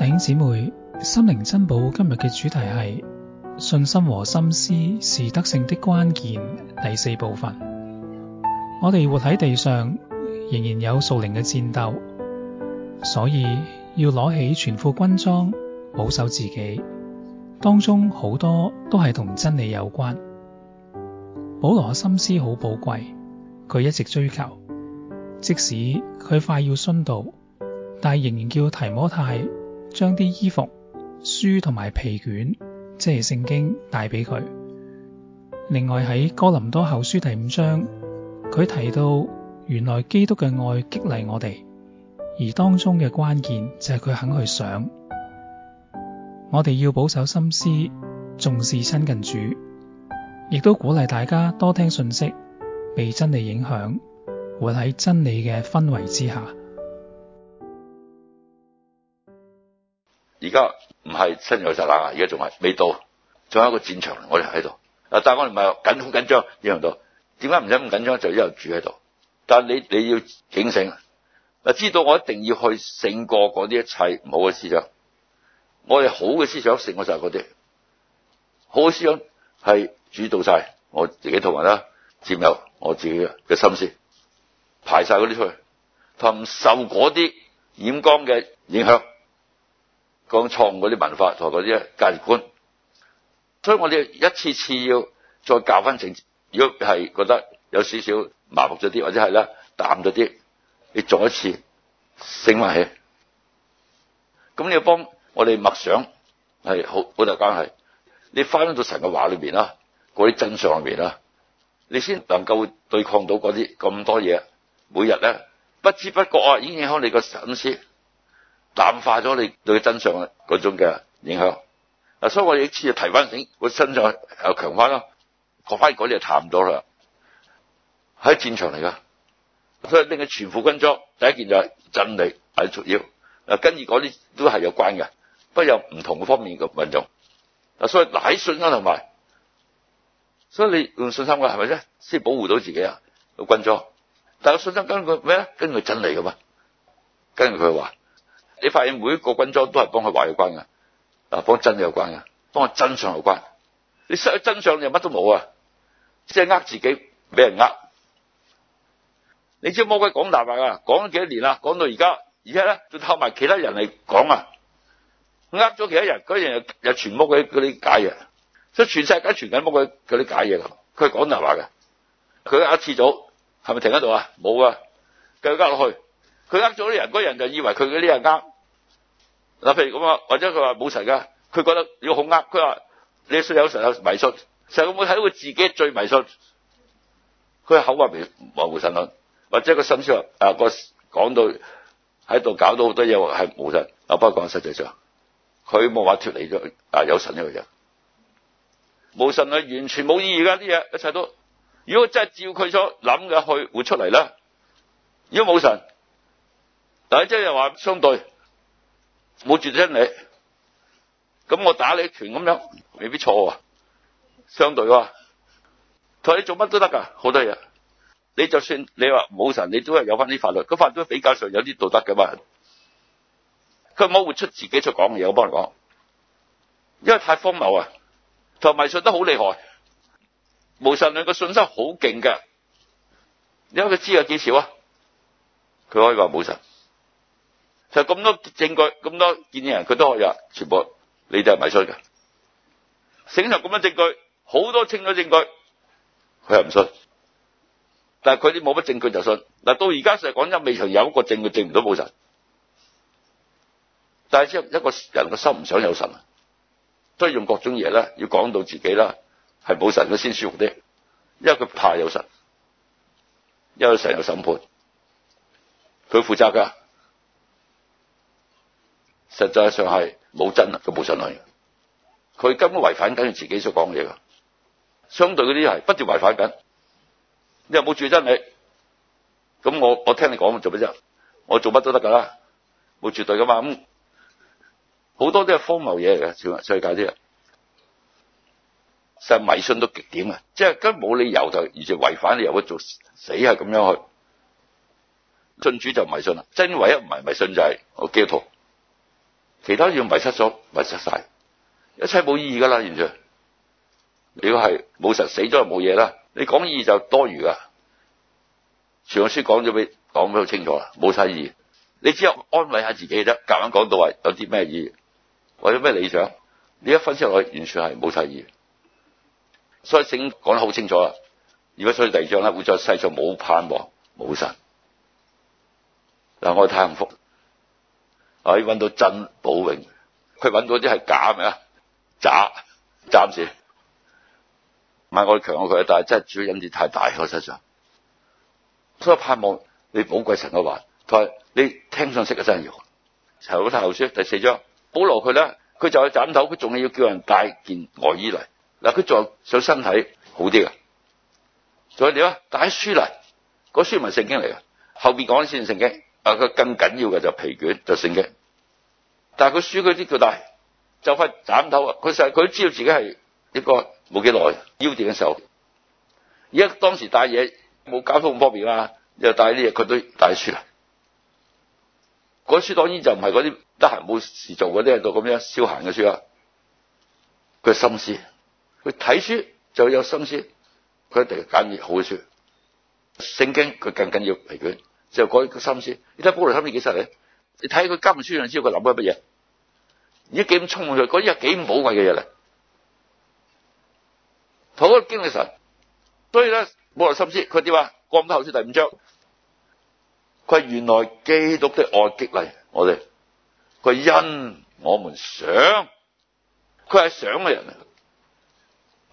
弟兄姊妹，心靈珍寶今日嘅主題係信心和心思是得勝的關鍵。第四部分，我哋活喺地上，仍然有屬靈嘅戰鬥，所以要攞起全副軍裝，保守自己。當中好多都係同真理有關。保羅心思好寶貴，佢一直追求，即使佢快要殉道，但仍然叫提摩太。將啲衣服、書同埋皮卷，即係聖經帶俾佢。另外，喺哥林多後書第五章，佢提到原來基督嘅愛激勵我哋，而當中嘅關鍵就係佢肯去想。我哋要保守心思，重視親近主，亦都鼓勵大家多聽信息，被真理影響，活喺真理嘅氛圍之下。而家唔係新耶路撒冷，而家仲係未到，仲有一個戰場，我哋喺度。嗱，但係我哋唔係緊好緊張，一樣到。點解唔使咁緊張？就一人住喺度。但係你你要警醒。嗱，知道我一定要去勝過嗰啲一切唔好嘅思想。我哋好嘅思想勝過晒嗰啲，好嘅思想係主導晒我自己同埋啦，佔有我自己嘅心思，排晒嗰啲出去，同受嗰啲染光嘅影響。講創嗰啲文化同埋嗰啲價值觀，所以我哋一次次要再教翻正。如果係覺得有少少麻木咗啲，或者係咧淡咗啲，你做一次升翻起。咁你要幫我哋默想係好好大關係。你翻到神嘅話裏邊啦，嗰啲真相裏邊啦，你先能夠對抗到嗰啲咁多嘢。每日咧不知不覺啊，已經影響你個心思。淡化咗你對真相嘅嗰種嘅影響，嗱，所以我哋次次提翻醒，我身上又強翻咯，講翻嗰啲又淡咗啦。喺戰場嚟噶，所以拎佢全副軍裝，第一件就係真理係重要，嗱，跟住嗰啲都係有關嘅，不過有唔同嘅方面嘅運用，嗱，所以嗱喺信心同埋，所以你用信心嘅係咪先先保護到自己啊？個軍裝，但係信心根據咩咧？根住佢真理噶嘛，跟住佢話。你發現每一個軍裝都係幫佢話有關嘅，嗱，幫真有關嘅，幫佢真相有關。你失去真相，你乜都冇啊！即係呃自己，俾人呃。你知魔鬼講大話噶，講咗幾多年啦，講到而家，而家咧仲靠埋其他人嚟講啊！呃咗其他人，嗰人又又傳魔鬼嗰啲假嘢，所以全世界傳緊魔鬼嗰啲假嘢噶。佢講大話噶，佢呃次組，係咪停喺度啊？冇啊，繼續呃落去。佢呃咗啲人，嗰人就以為佢嗰啲係啱。嗱，譬如咁啊，或者佢話冇神噶，佢覺得要好吓，佢話你信有神有迷信，成日會睇到自己最迷信。佢口話唔話冇神咯，或者個心思啊個講到喺度搞到好多嘢，係冇神。不過講實際上，佢冇話脫離咗啊有神呢個嘢。冇神係完全冇意義噶啲嘢，一切都如果真係照佢所諗嘅去活出嚟咧，如果冇神，但係即係話相對。冇絕對真理，咁我打你拳咁樣，未必錯啊。相對話，同你做乜都得噶好多嘢。你就算你話冇神，你都係有翻啲法律，個法律都比較上有啲道德噶嘛佢冇活出自己出講嘢，我幫人講，因為太荒謬啊。同埋信得好厲害，無神論嘅信心好勁嘅。因為佢知有幾少啊？佢可以話冇神。就咁多證據，咁多見證人，佢都可以話：全部你哋係迷信嘅。醒咗咁多證據，好多清楚證據，佢又唔信。但係佢哋冇乜證據就信。嗱，到而家成日講真，未曾有一個證據證唔到冇神。但係，之後一個人嘅心唔想有神，所以用各種嘢啦，要講到自己啦，係冇神嘅先舒服啲。因為佢怕有神，因為神有審判，佢負責㗎。實際上係冇真啊，佢冇信佢，佢根本違反緊自己所講嘢噶。相對嗰啲係不斷違反緊，你又冇住真理，咁我我聽你講做乜啫？我做乜都得噶啦，冇絕對噶嘛。好、嗯、多都係荒謬嘢嚟嘅，小世界啲啊，實迷信到極點啊，即係根本冇理由就完全違反你，又會做死係咁樣去信主就迷信啦。真唯一唔係迷信就係我基督徒。其他要迷失咗，迷失晒，一切冇意義噶啦，完全。如果係冇神死咗就冇嘢啦，你講意義就多餘噶。《傳道書講》講咗俾講俾好清楚啦，冇晒意義。你只有安慰一下自己啫，夾硬講到話有啲咩意義，或者咩理想，你一分析落去完全係冇晒意義。所以聖經講得好清楚啦。如果以第二章咧，會再世上冇盼望，冇神。嗱，我太幸福。可以搵到真保永，佢搵到啲係假嘅。啊？暫暫時，唔係我強過佢，但係真係主要因子太大喎，我實際上。所以盼望你寶貴神嘅話，佢話你聽上識嘅真要最後太後書第四章，保羅佢咧，佢就係斬頭，佢仲要叫人帶件外衣嚟。嗱，佢仲想身體好啲㗎。再點啊？帶啲書嚟，嗰、那個、書唔係聖經嚟嘅，後邊講先聖經。啊，佢更緊要嘅就皮卷，就聖、是、經。但係佢書嗰啲叫大，就快斬頭啊！佢實佢知道自己係一個冇幾耐腰斷嘅時候，而家當時帶嘢冇交通咁方便呀，又帶啲嘢，佢都帶書啊！嗰書當然就唔係嗰啲得閒冇事做嗰啲喺度咁樣消閒嘅書呀。佢心思，佢睇書就有心思，佢一定揀啲好嘅書。《聖經》，佢更緊要皮卷，就嗰個心思。你睇《保羅心思幾實咧？你睇佢揀書上知道，佢諗緊乜嘢？呢幾咁沖過去，嗰啲又幾寶貴嘅嘢咧，好嘅經歷神。所以咧冇落心思，佢點啊？《哥林多書》第五章，佢原來基督的愛激勵我哋，佢因我們想，佢係想嘅人啊。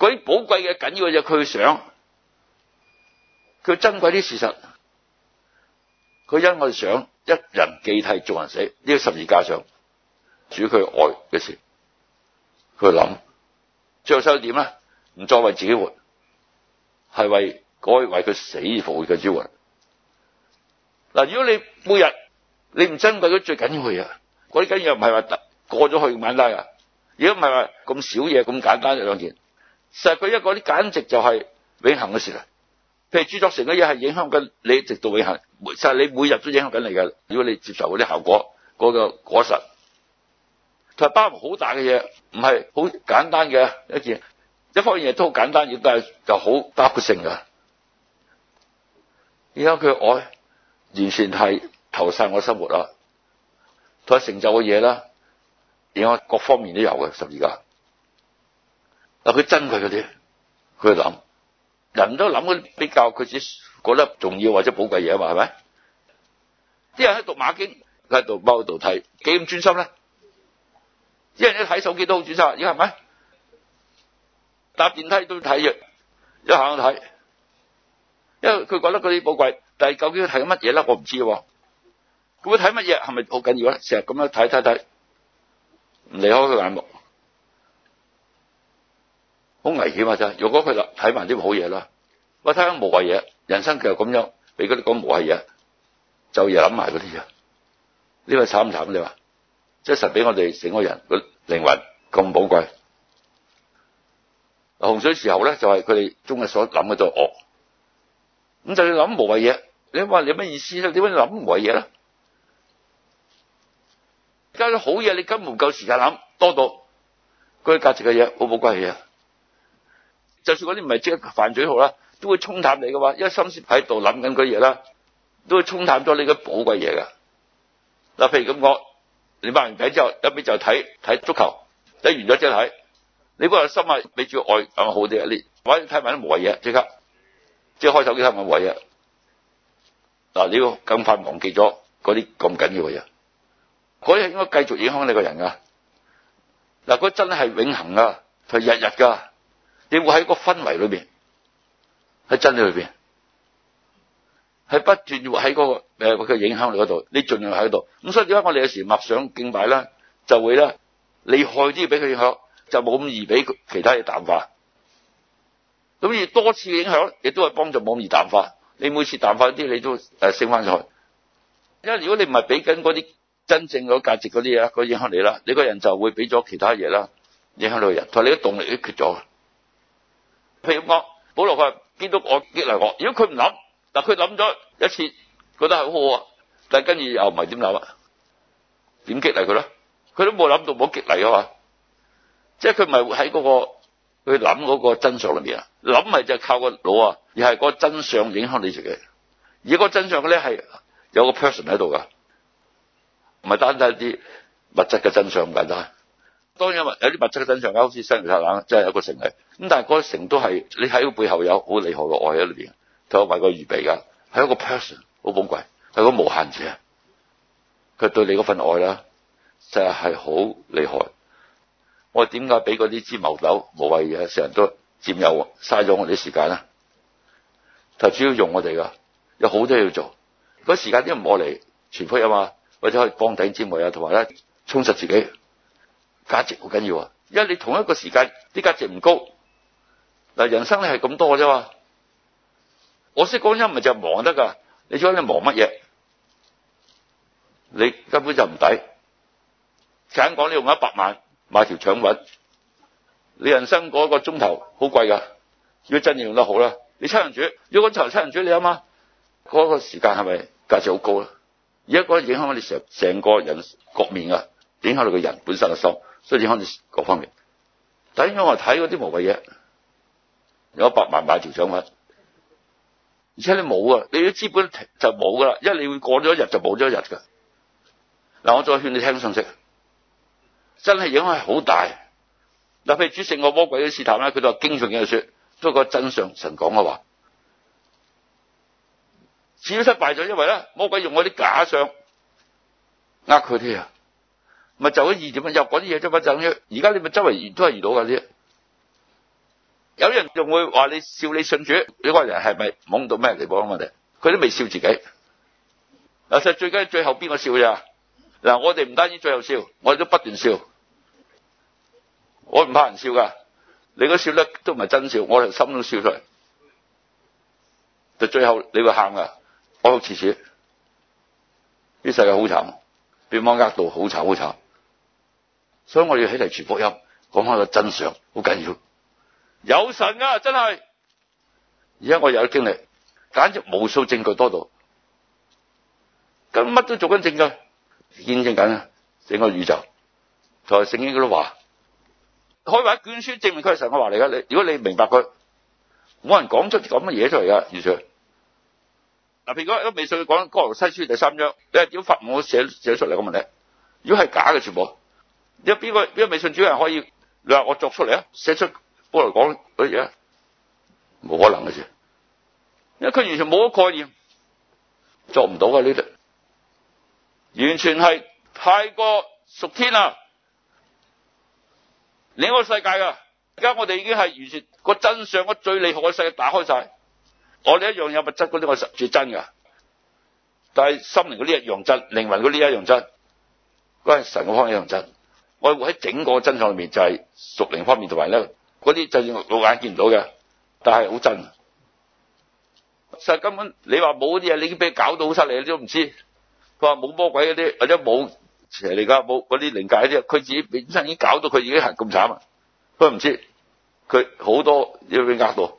嗰啲寶貴嘅緊要嘅嘢，佢想，佢珍貴啲事實。佢因我哋想一人既替眾人死，呢個十二加上。主佢愛嘅事，佢諗，最後收到點咧？唔再為自己活，係為愛為佢死而復活嘅主活！嗱，如果你每日你唔珍貴咗最緊要嘢啊，嗰啲緊要唔係話過咗去晚餐啊？如果唔係話咁少嘢咁簡單一兩件，實佢一個啲簡直就係永恆嘅事啦。譬如朱作成嘅嘢係影響緊你，直到永恆。其實你每日都影響緊你噶。如果你接受嗰啲效果，嗰、嗰個果實。佢話包好大嘅嘢，唔係好簡單嘅一件，一方面嘢都好簡單，而但係就好包括性嘅。而家佢愛完全係投晒我生活啦，同埋成就嘅嘢啦，然後各方面都有嘅十二架。但佢憎佢嗰啲，佢諗人都諗嗰啲比較佢覺得重要或者寶貴嘢嘛，係咪？啲人喺度讀馬經喺度踎度睇幾咁專心咧？一人一睇手機都好專心，而家係咪搭電梯都睇嘢，一行睇，因為佢覺得嗰啲寶貴，但係究竟睇緊乜嘢咧？我唔知，佢會睇乜嘢？係咪好緊要咧？成日咁樣睇睇睇，唔離開佢眼目，好危險啊！真係，若果佢啦睇埋啲好嘢啦，我睇下無謂嘢，人生就咁樣，你嗰啲講無謂嘢，就夜諗埋嗰啲嘢，呢個慘唔慘啊？你話？即係實俾我哋成個人個靈魂咁寶貴。洪水時候咧，就係佢哋終日所諗嘅就係惡。咁就算諗無謂嘢，你話你有乜意思呢？點解諗無謂嘢咧？而家啲好嘢，你根本唔夠時間諗，多到嗰啲價值嘅嘢，好寶貴嘅嘢。就算嗰啲唔係即刻犯罪好啦，都會沖淡你嘅話，因為心思喺度諗緊嗰嘢啦，都會沖淡咗你嘅寶貴嘢噶。嗱，譬如咁講。你買完底之後，入邊就睇睇足球，睇完咗之後睇。你嗰個心啊，比住愛咁好啲啊！你玩睇埋啲無謂嘢，即刻即係開手機睇埋無謂嘢嗱，你要咁快忘記咗嗰啲咁緊要嘅嘢，嗰啲應該繼續影響你個人噶嗱，嗰真係永恆啊，佢日日噶，你會喺個氛圍裏邊喺真理裏邊。係不斷喺嗰個誒，呃嗰個影響力嗰度，你盡量喺度。咁所以點解我哋有時默想敬拜呢？就會咧，你害啲俾佢影響，就冇咁易俾其他嘢淡化。咁而多次影響，亦都係幫助冇咁易淡化。你每次淡化啲，你都誒升翻上去因為如果你唔係俾緊嗰啲真正嘅價值嗰啲嘢個影響你啦，你個人就會俾咗其他嘢啦，影響到人，同你啲動力都缺咗。譬如講保羅佢係基督嘅愛激勵我，如果佢唔諗。嗱，佢諗咗一次，覺得係好好啊，但係跟住又唔係點諗啊，點激勵佢咧？佢都冇諗到冇激勵啊嘛！即係佢唔係喺嗰個去諗嗰個真相裏面啊，諗咪就係靠個腦啊，而係個真相影響你自己。而個真相咧係有個 person 喺度噶，唔係單單一啲物質嘅真相咁簡單。當然有啲物質嘅真相好似耶路撒冷，即係有個城嚟。咁但係嗰個城都係你喺個背後有好厲害嘅愛喺裏邊。佢埋個預備㗎，係一個 person 好寶貴，係個無限者。佢對你嗰份愛咧，就係好厲害。我點解俾嗰啲芝麻綠豆無謂嘢成日都佔有嘥咗我啲時間咧？就主要用我哋㗎，有好多嘢要做。嗰、那個、時間都唔愛嚟傳福音嘛，或者去光頂之外啊，同埋咧充實自己價值好緊要啊。因為你同一個時間啲價值唔高，嗱，人生咧係咁多㗎啫嘛。我識講音咪就是忙得噶，你將你忙乜嘢？你根本就唔抵。簡單講，你用一百萬買條腸粉，你人生嗰個鐘頭好貴噶。如果真嘅用得好啦，你七人煮，如果頭七人煮你諗下，嗰、那個時間係咪價值好高咧？而家嗰個影響我哋成成個人局面啊，影響你個人本身嘅心，所以影響你各方面。等於我睇嗰啲無謂嘢，用一百萬買條腸粉。而且你冇啊，你啲資本就冇噶啦，因為你一你會過咗一日就冇咗一日噶。嗱，我再勸你聽信息，真係影響係好大。嗱，譬如主食個魔鬼嘅試探咧，佢就經常嘅説，都係個真相神講嘅話。始終失敗咗，因為咧魔鬼用嗰啲假相呃佢啲啊，咪就咁意點啊？又講啲嘢啫嘛，就咁樣。而家你咪周圍都係遇到嘅啫。有人仲會話你笑你信主，呢個人係咪懵到咩地方？我哋佢都未笑自己，嗱，就最緊要是最後邊個笑咋？嗱，我哋唔單止最後笑，我哋都不斷笑，我唔怕人笑噶。你嗰笑咧都唔係真笑，我係心都笑出嚟。就最後你會喊噶，哀哭切切，呢世界好慘，俾蒙呃到，好慘好慘。所以我哋起嚟傳福音，講翻個真相，好緊要。有神㗎，真係！而家我又有經歷，簡直無數證據多到，今乜都做緊證據，認證緊啊！整個宇宙同聖經嗰啲話，開埋一卷書證明佢係神嘅話嚟噶。你如果你明白佢，冇人講出咁嘅嘢出嚟噶。余 Sir，嗱，譬如嗰個微信講《歌羅西書》第三章，你係點發我寫寫出嚟嘅問題？如果係假嘅，全部有邊個邊個微信主人可以你話我作出嚟啊？寫出？過嚟講嗰嘢，冇、哎、可能嘅事，因為佢完全冇一概念，做唔到嘅呢度，完全係太過屬天啊！另、這、一個世界㗎，而家我哋已經係完全個真相，個最厲害嘅世界打開晒。我哋一樣有物質嗰啲，我絕對真噶。但係心靈嗰啲一樣真，靈魂嗰啲一樣真，嗰係神嘅方面一樣真。我會喺整個真相裏面就係屬靈方面同埋呢。嗰啲就算老眼見唔到嘅，但係好真實。根本你話冇嗰啲嘢，你已經俾佢搞到好犀利，你都唔知道。佢話冇魔鬼嗰啲，或者冇邪靈㗎，冇嗰啲靈界嗰啲，佢自己本身已經搞到佢自己係咁慘啊！佢唔知道，佢好多要俾呃到。